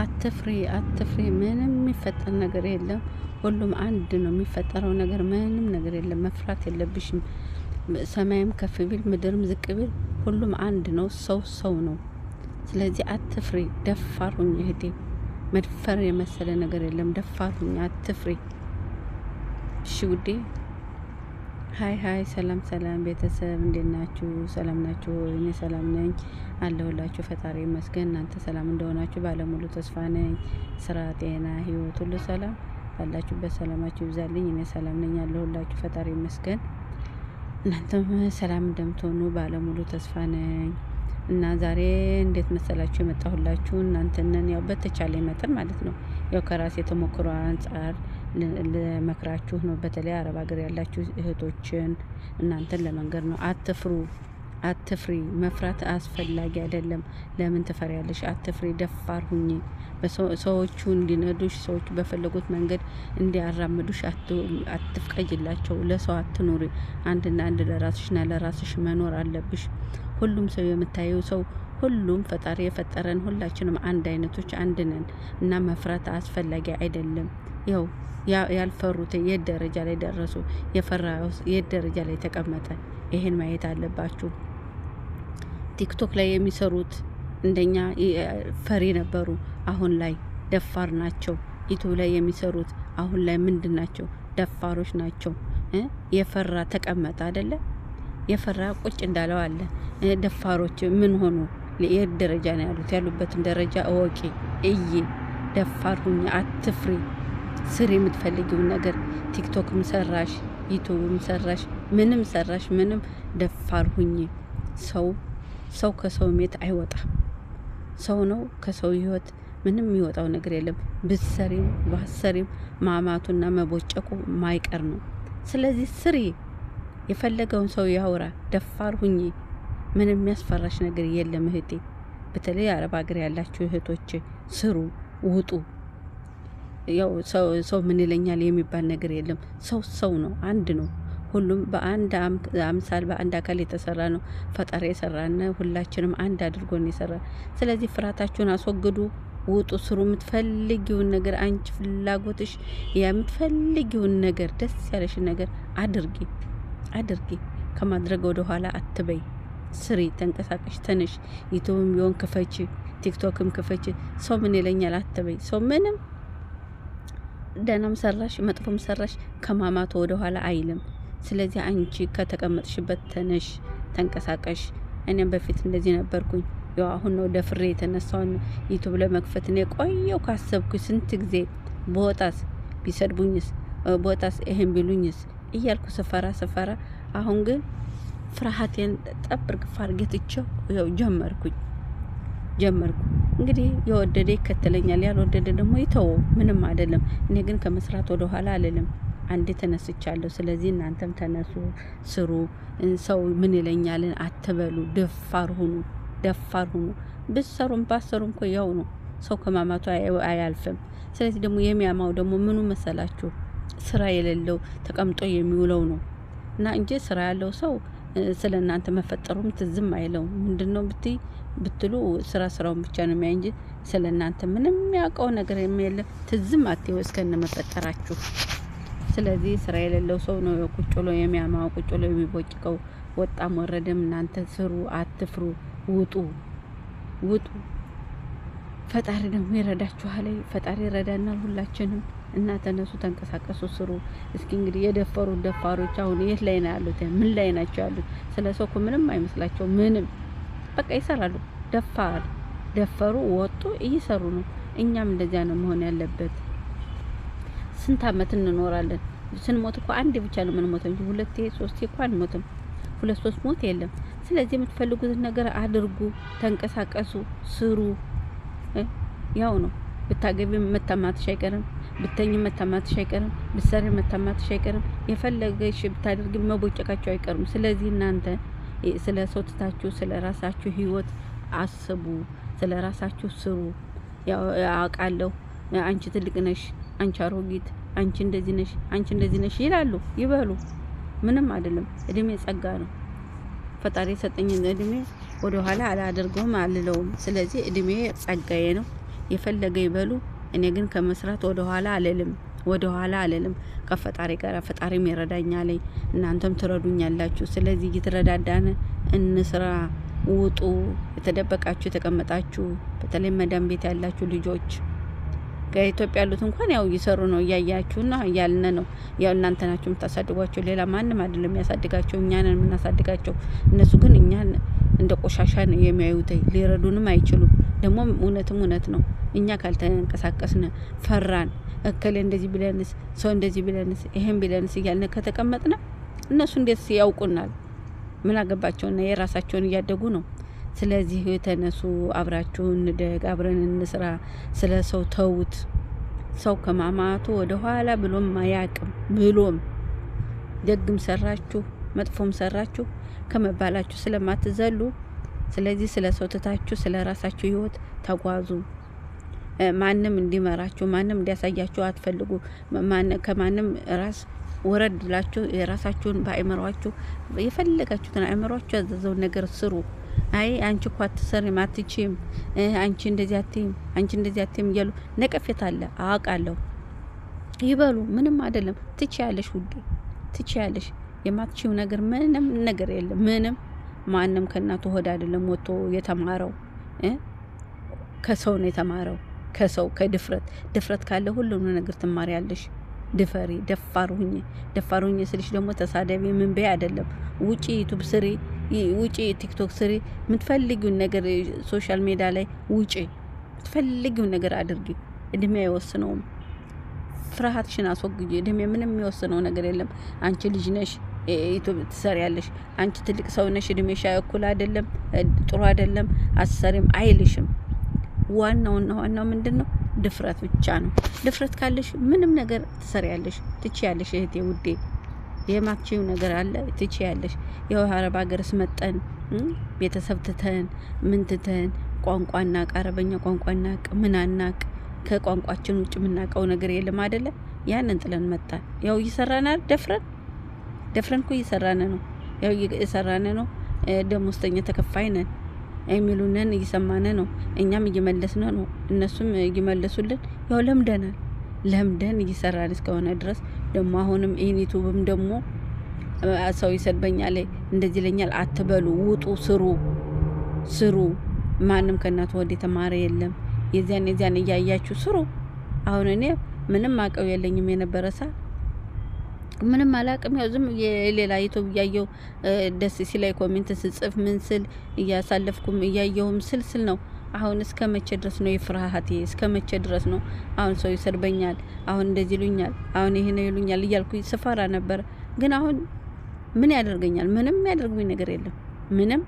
አትፍሪ አትፍሪ፣ ምንም የሚፈጠር ነገር የለም። ሁሉም አንድ ነው። የሚፈጠረው ነገር ምንም ነገር የለም። መፍራት የለብሽም። ሰማይም ከፍ ቢል ምድርም ዝቅ ቢል ሁሉም አንድ ነው። ሰው ሰው ነው። ስለዚህ አትፍሪ፣ ደፋሩኝ እህቴ። መድፈር የመሰለ ነገር የለም። ደፋሩኝ፣ አትፍሪ። እሺ ውዴ። ሀይ ሀይ፣ ሰላም ሰላም ቤተሰብ፣ እንዴት ናችሁ? ሰላም ናችሁ? እኔ ሰላም ነኝ አለሁላችሁ። ፈጣሪ ይመስገን። እናንተ ሰላም እንደሆናችሁ ባለሙሉ ተስፋ ነኝ። ስራ፣ ጤና፣ ህይወት ሁሉ ሰላም ባላችሁበት ሰላማችሁ ይብዛልኝ። እኔ ሰላም ነኝ አለሁላችሁ። ፈጣሪ ይመስገን። እናንተም ሰላም እንደምትሆኑ ባለሙሉ ተስፋ ነኝ። እና ዛሬ እንዴት መሰላችሁ የመጣሁላችሁ እናንተነን ያው በተቻለ መጠን ማለት ነው ያው ከራሴ ተሞክሮ አንጻር ልመክራችሁ ነው። በተለይ አረብ ሀገር ያላችሁ እህቶችን እናንተን ለመንገድ ነው። አትፍሩ፣ አትፍሪ። መፍራት አስፈላጊ አይደለም። ለምን ትፈሪያለሽ? አትፍሪ፣ ደፋር ሁኚ። ሰዎቹ እንዲነዱሽ፣ ሰዎቹ በፈለጉት መንገድ እንዲያራምዱሽ አትፍቀጅላቸው። ለሰው አትኑሪ። አንድና አንድ ለራስሽና ለራስሽ መኖር አለብሽ። ሁሉም ሰው የምታየው ሰው ሁሉም ፈጣሪ የፈጠረን ሁላችንም አንድ አይነቶች አንድ ነን እና መፍራት አስፈላጊ አይደለም። ይኸው ያልፈሩት የት ደረጃ ላይ ደረሱ? የፈራውስ የት ደረጃ ላይ ተቀመጠ? ይሄን ማየት አለባችሁ። ቲክቶክ ላይ የሚሰሩት እንደኛ ፈሪ ነበሩ፣ አሁን ላይ ደፋር ናቸው። ኢትዮ ላይ የሚሰሩት አሁን ላይ ምንድን ናቸው? ደፋሮች ናቸው። የፈራ ተቀመጠ አይደለ? የፈራ ቁጭ እንዳለው አለ። ደፋሮች ምን ሆኑ? የት ደረጃ ነው ያሉት? ያሉበትን ደረጃ እወቂ፣ እይ። ደፋር ሁኚ፣ አትፍሪ። ስር የምትፈልጊውን ነገር ቲክቶክም ሰራሽ፣ ዩቱብም ሰራሽ፣ ምንም ሰራሽ ምንም ደፋር ሁኝ። ሰው ሰው ከሰው ሜት አይወጣም። ሰው ነው ከሰው ህይወት ምንም የሚወጣው ነገር የለም። ብሰሪም ባሰሪም ማማቱና መቦጨቁ ማይቀር ነው። ስለዚህ ስሪ፣ የፈለገውን ሰው ያውራ፣ ደፋር ሁኚ። ምንም የሚያስፈራሽ ነገር የለም እህቴ። በተለይ አረብ ሀገር ያላችሁ እህቶች ስሩ፣ ውጡ። ያው ሰው ምን ይለኛል የሚባል ነገር የለም። ሰው ሰው ነው፣ አንድ ነው። ሁሉም በአንድ አምሳል በአንድ አካል የተሰራ ነው። ፈጣሪ የሰራን ሁላችንም አንድ ነው የሰራ። ስለዚህ ፍርሃታችሁን አስወግዱ፣ ውጡ፣ ስሩ የምትፈልጊውን ነገር አንቺ ፍላጎትሽ የምትፈልጊውን ነገር ደስ ያለሽን ነገር አድርጊ አድርጊ። ከማድረግ ወደ ኋላ አትበይ። ስሪ፣ ተንቀሳቀሽ፣ ተነሽ። ዩቱብም ቢሆን ክፈች፣ ቲክቶክም ክፈች። ሰው ምን ይለኛል አትበይ። ሰው ምንም ደህናም ሰራሽ መጥፎም ሰራሽ ከማማቶ ወደኋላ አይልም። ስለዚህ አንቺ ከተቀመጥሽበት ተነሽ፣ ተንቀሳቀሽ። እኔም በፊት እንደዚህ ነበርኩኝ። ያው አሁን ነው ደፍሬ የተነሳውን ዩቱብ ለመክፈት እኔ ቆየው ካሰብኩ ስንት ጊዜ ቦታስ ቢሰድቡኝስ ቦታስ ይሄን ቢሉኝስ እያልኩ ስፈራ ስፈራ፣ አሁን ግን ፍርሃቴን ጠብ እርግፍ አርጌ ያው ጀመርኩኝ። ጀመርኩ። እንግዲህ የወደደ ይከተለኛል፣ ያልወደደ ደግሞ ይተው፣ ምንም አይደለም። እኔ ግን ከመስራት ወደ ኋላ አልልም። አንዴ ተነስቻለሁ። ስለዚህ እናንተም ተነሱ፣ ስሩ። ሰው ምን ይለኛልን አትበሉ። ደፋር ሁኑ፣ ደፋር ሁኑ። ብሰሩም ባሰሩም እኮ ያው ነው። ሰው ከማማቱ አያልፍም። ስለዚህ ደግሞ የሚያማው ደግሞ ምኑ መሰላችሁ? ስራ የሌለው ተቀምጦ የሚውለው ነው እና እንጂ ስራ ያለው ሰው ስለ እናንተ መፈጠሩም ትዝም አይለውም። ምንድን ነው ብት ብትሉ ስራ ስራውን ብቻ ነው የሚያ እንጂ ስለ እናንተ ምንም የሚያውቀው ነገር የለም። ትዝም አትይው እስከነ መፈጠራችሁ። ስለዚህ ስራ የሌለው ሰው ነው ቁጭ ብሎ የሚያማው ቁጭ ብሎ የሚቦጭቀው። ወጣም ወረደም እናንተ ስሩ፣ አትፍሩ፣ ውጡ ውጡ። ፈጣሪ ደግሞ ይረዳችኋል። ፈጣሪ ይረዳናል ሁላችንም። እና ተነሱ፣ ተንቀሳቀሱ፣ ስሩ። እስኪ እንግዲህ የደፈሩት ደፋሮች አሁን የት ላይ ነው ያሉት? ምን ላይ ናቸው ያሉት? ስለ ሰው እኮ ምንም አይመስላቸው። ምንም በቃ ይሰራሉ። ደፋር ደፈሩ፣ ወጡ፣ እየሰሩ ነው። እኛም እንደዚያ ነው መሆን ያለበት። ስንት አመት እንኖራለን? ስንሞት እኮ አንዴ ብቻ ነው የምንሞተው እንጂ ሁለቴ ሶስቴ እኮ አንሞትም። ሁለት ሶስት ሞት የለም። ስለዚህ የምትፈልጉትን ነገር አድርጉ፣ ተንቀሳቀሱ፣ ስሩ። ያው ነው ብታገቢ መታማትሽ አይቀርም። ብተኝ መታማትሽ አይቀርም፣ ብሰሪ መታማትሽ አይቀርም። የፈለገሽ ብታደርግ መቦጨቃቸው አይቀርም። ስለዚህ እናንተ ስለ ሶትታችሁ ስለ ራሳችሁ ህይወት አስቡ፣ ስለ ራሳችሁ ስሩ። አውቃለሁ አንቺ ትልቅ ነሽ፣ አንቺ አሮጊት፣ አንቺ እንደዚህ ነሽ፣ አንቺ እንደዚህ ነሽ ይላሉ ይበሉ። ምንም አይደለም። እድሜ ጸጋ ነው። ፈጣሪ የሰጠኝን እድሜ ወደኋላ አላደርገውም አልለውም። ስለዚህ እድሜ ጸጋዬ ነው። የፈለገ ይበሉ። እኔ ግን ከመስራት ወደኋላ አልልም ወደ ኋላ አለልም ከፈጣሪ ጋር ፈጣሪም ይረዳኛል፣ እናንተም ትረዱኛላችሁ። ስለዚህ እየተረዳዳን እንስራ። ውጡ፣ የተደበቃችሁ የተቀመጣችሁ፣ በተለይ መዳም ቤት ያላችሁ ልጆች ከኢትዮጵያ ያሉት እንኳን ያው እየሰሩ ነው፣ እያያችሁና እያልን ነው። ያው እናንተ ናችሁ የምታሳድጓቸው፣ ሌላ ማንም አይደለም የሚያሳድጋቸው፣ እኛን የምናሳድጋቸው። እነሱ ግን እኛን እንደ ቆሻሻ ነው የሚያዩት፣ ሊረዱንም አይችሉም። ደግሞ እውነትም እውነት ነው። እኛ ካልተንቀሳቀስን ፈራን፣ እከሌ እንደዚህ ብለንስ፣ ሰው እንደዚህ ብለንስ፣ ይሄን ብለንስ እያልን ከተቀመጥነ እነሱ እንዴት ያውቁናል? ምን አገባቸውና የራሳቸውን እያደጉ ነው። ስለዚህ ተነሱ፣ አብራችሁ እንደግ፣ አብረን እንስራ። ስለ ሰው ተዉት። ሰው ከማማቱ ወደ ኋላ ብሎም አያቅም። ብሎም ደግም ሰራችሁ መጥፎም ሰራችሁ ከመባላችሁ ስለማትዘሉ ስለዚህ ስለ ሰውትታችሁ ስለ ራሳችሁ ህይወት ተጓዙ። ማንም እንዲመራችሁ ማንም እንዲያሳያችሁ አትፈልጉ። ከማንም ራስ ወረድ ብላችሁ የራሳችሁን በአእምሯችሁ የፈለጋችሁትን አእምሯችሁ ያዘዘውን ነገር ስሩ። አይ አንቺ እኮ አትሰሪም፣ አትችም፣ አንቺ እንደዚህ አትይም፣ አንቺ እንደዚህ አትይም እያሉ ነቀፌት አለ አውቃለሁ። ይበሉ ምንም አይደለም። ትችያለሽ ውዴ፣ ትችያለሽ። የማትችው ነገር ምንም ነገር የለም ምንም ማንም ከእናቱ ሆድ አይደለም ወጥቶ የተማረው ከሰው ነው የተማረው። ከሰው ከድፍረት ድፍረት ካለ ሁሉም ነገር ትማሪያለሽ። ድፈሪ፣ ደፋር ሁኝ። ደፋር ሁኝ ስልሽ ደግሞ ተሳደቢ ምን በይ አይደለም። ውጪ ዩቱብ ስሪ፣ ውጪ ቲክቶክ ስሪ፣ የምትፈልጊውን ነገር ሶሻል ሜዲያ ላይ ውጪ፣ የምትፈልጊውን ነገር አድርጊ። እድሜ አይወስነውም። ፍርሃትሽን አስወግጂ። እድሜ ምንም የሚወስነው ነገር የለም። አንቺ ልጅ ነሽ። ዩቱብ ትሰሪያለሽ፣ አንቺ ትልቅ ሰውነሽ፣ እድሜሻ እኩል አይደለም፣ ጥሩ አይደለም፣ አሰሪም አይልሽም። ዋናውና ዋናው ምንድን ነው? ድፍረት ብቻ ነው። ድፍረት ካለሽ ምንም ነገር ትሰሪያለሽ፣ ትችያለሽ። እህቴ ውዴ፣ የማትችይው ነገር አለ፣ ትችያለሽ። የውሃ አረብ ሀገር ስመጠን ቤተሰብ ትተን ምን ትተን ቋንቋ እናቅ፣ አረበኛ ቋንቋ እናቅ፣ ምን አናቅ፣ ከቋንቋችን ውጭ የምናውቀው ነገር የለም አይደለ? ያንን ጥለን መጣን። ያው ይሰራናል ደፍረን ደፍረን እኮ እየሰራን ነው፣ ያው እየሰራን ነው፣ ደሞዝተኛ ተከፋይ ነን የሚሉንን እየሰማን ነው። እኛም እየመለስን ነው፣ እነሱም እየመለሱልን። ያው ለምደናል። ለምደን እየሰራን እስከሆነ ድረስ ደግሞ አሁንም ይህን ዩቱብም ደግሞ ሰው ይሰድበኛል፣ እንደዚህ ይለኛል አትበሉ። ውጡ፣ ስሩ፣ ስሩ። ማንም ከእናቱ ወደ የተማረ የለም። የዚያን የዚያን እያያችሁ ስሩ። አሁን እኔ ምንም አቀው የለኝም የነበረ ሳ ምንም አላቅም። ያው ዝም የሌላ ዩቱብ እያየው ደስ ሲላይ ኮሜንት ስጽፍ ምን ስል እያሳለፍኩም እያየውም ስልስል ነው። አሁን እስከ መቼ ድረስ ነው የፍርሃቴ? እስከ መቼ ድረስ ነው? አሁን ሰው ይሰርበኛል፣ አሁን እንደዚህ ይሉኛል፣ አሁን ይሄ ነው ይሉኛል እያልኩ ስፈራ ነበር። ግን አሁን ምን ያደርገኛል? ምንም የሚያደርጉኝ ነገር የለም። ምንም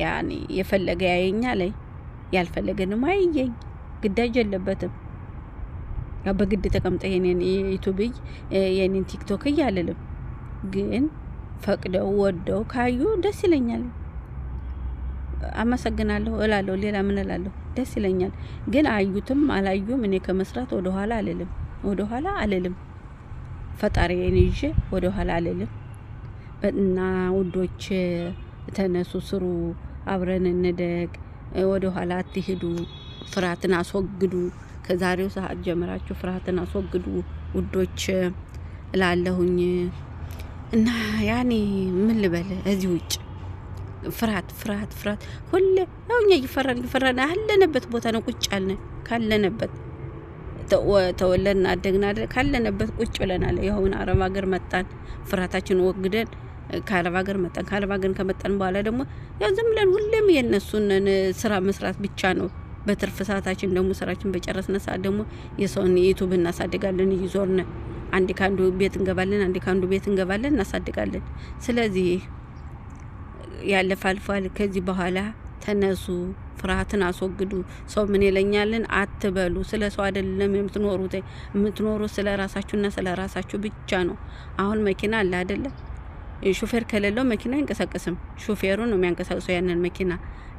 ያኔ የፈለገ ያየኛ ላይ ያልፈለገንም አይየኝ፣ ግዳጅ የለበትም። በግድ ተቀምጠ የኔን ዩቱብ የኔን ቲክቶክ እያልልም ግን ፈቅደው ወደው ካዩ ደስ ይለኛል፣ አመሰግናለሁ እላለሁ። ሌላ ምን እላለሁ? ደስ ይለኛል። ግን አዩትም አላዩም እኔ ከመስራት ወደኋላ አልልም፣ ወደኋላ አልልም። ፈጣሪ ይዤ ወደኋላ አልልም። እና ውዶች ተነሱ፣ ስሩ፣ አብረን እንደግ፣ ወደኋላ አትሄዱ፣ ፍርሃትን አስወግዱ። ከዛሬው ሰዓት ጀምራችሁ ፍርሃትን አስወግዱ ውዶች እላለሁኝ። እና ያኔ ምን ልበል እዚህ ውጭ ፍርሃት ፍርሃት ፍርሃት ሁሌ ያው እኛ እየፈራን እየፈራን ያለንበት ቦታ ነው ቁጭ ያልን ካለንበት ተወለድን አደግና ካለንበት ቁጭ ብለናል። የሆነ አረብ ሀገር መጣን ፍርሃታችን ወግደን ከአረብ ሀገር መጣን። ከአረብ ሀገር ከመጣን በኋላ ደግሞ ያው ዝም ብለን ሁሌም የእነሱን ስራ መስራት ብቻ ነው በትርፍ ሰዓታችን ደግሞ ስራችን በጨረስነ ሰዓት ደግሞ የሰውን ዩቱብ እናሳድጋለን እየዞርን አንድ ከአንዱ ቤት እንገባለን፣ አንድ ከአንዱ ቤት እንገባለን፣ እናሳድጋለን። ስለዚህ ያለፈ አልፏል። ከዚህ በኋላ ተነሱ፣ ፍርሃትን አስወግዱ። ሰው ምን ይለኛልን አትበሉ። ስለ ሰው አይደለም የምትኖሩት፣ የምትኖሩ ስለ ራሳችሁና ስለ ራሳችሁ ብቻ ነው። አሁን መኪና አለ አይደለም ሹፌር ከሌለው መኪና አይንቀሳቀስም። ሹፌሩ ነው የሚያንቀሳቅሰው ያንን መኪና።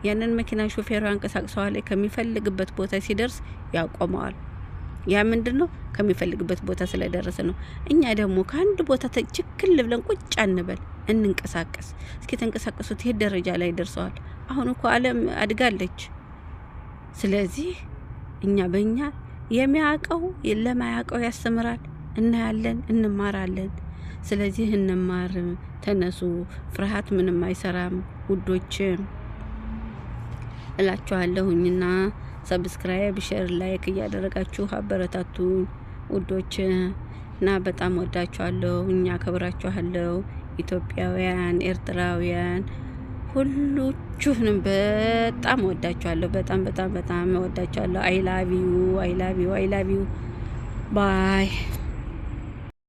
ያንን መኪና ሹፌሩ ያንቀሳቅሰዋል። ከሚፈልግበት ቦታ ሲደርስ ያቆመዋል። ያ ምንድን ነው? ከሚፈልግበት ቦታ ስለደረሰ ነው። እኛ ደግሞ ከአንድ ቦታ ችክል ብለን ቁጭ አንበል፣ እንንቀሳቀስ። እስኪ የተንቀሳቀሱት ይህ ደረጃ ላይ ደርሰዋል። አሁን እኮ ዓለም አድጋለች። ስለዚህ እኛ በእኛ የሚያውቀው ለማያውቀው ያስተምራል። እናያለን፣ እንማራለን። ስለዚህ እንማር፣ ተነሱ። ፍርሃት ምንም አይሰራም ውዶች እላችኋለሁኝና ሰብስክራይብ፣ ሼር፣ ላይክ እያደረጋችሁ አበረታቱ ውዶች እና በጣም ወዳችኋለሁ። እኛ አከብራችኋለሁ። ኢትዮጵያውያን፣ ኤርትራውያን ሁሉችሁንም በጣም ወዳችኋለሁ። በጣም በጣም በጣም ወዳችኋለሁ። አይ ላቭ ዩ አይ ላቭ ዩ አይ ላቭ ዩ ባይ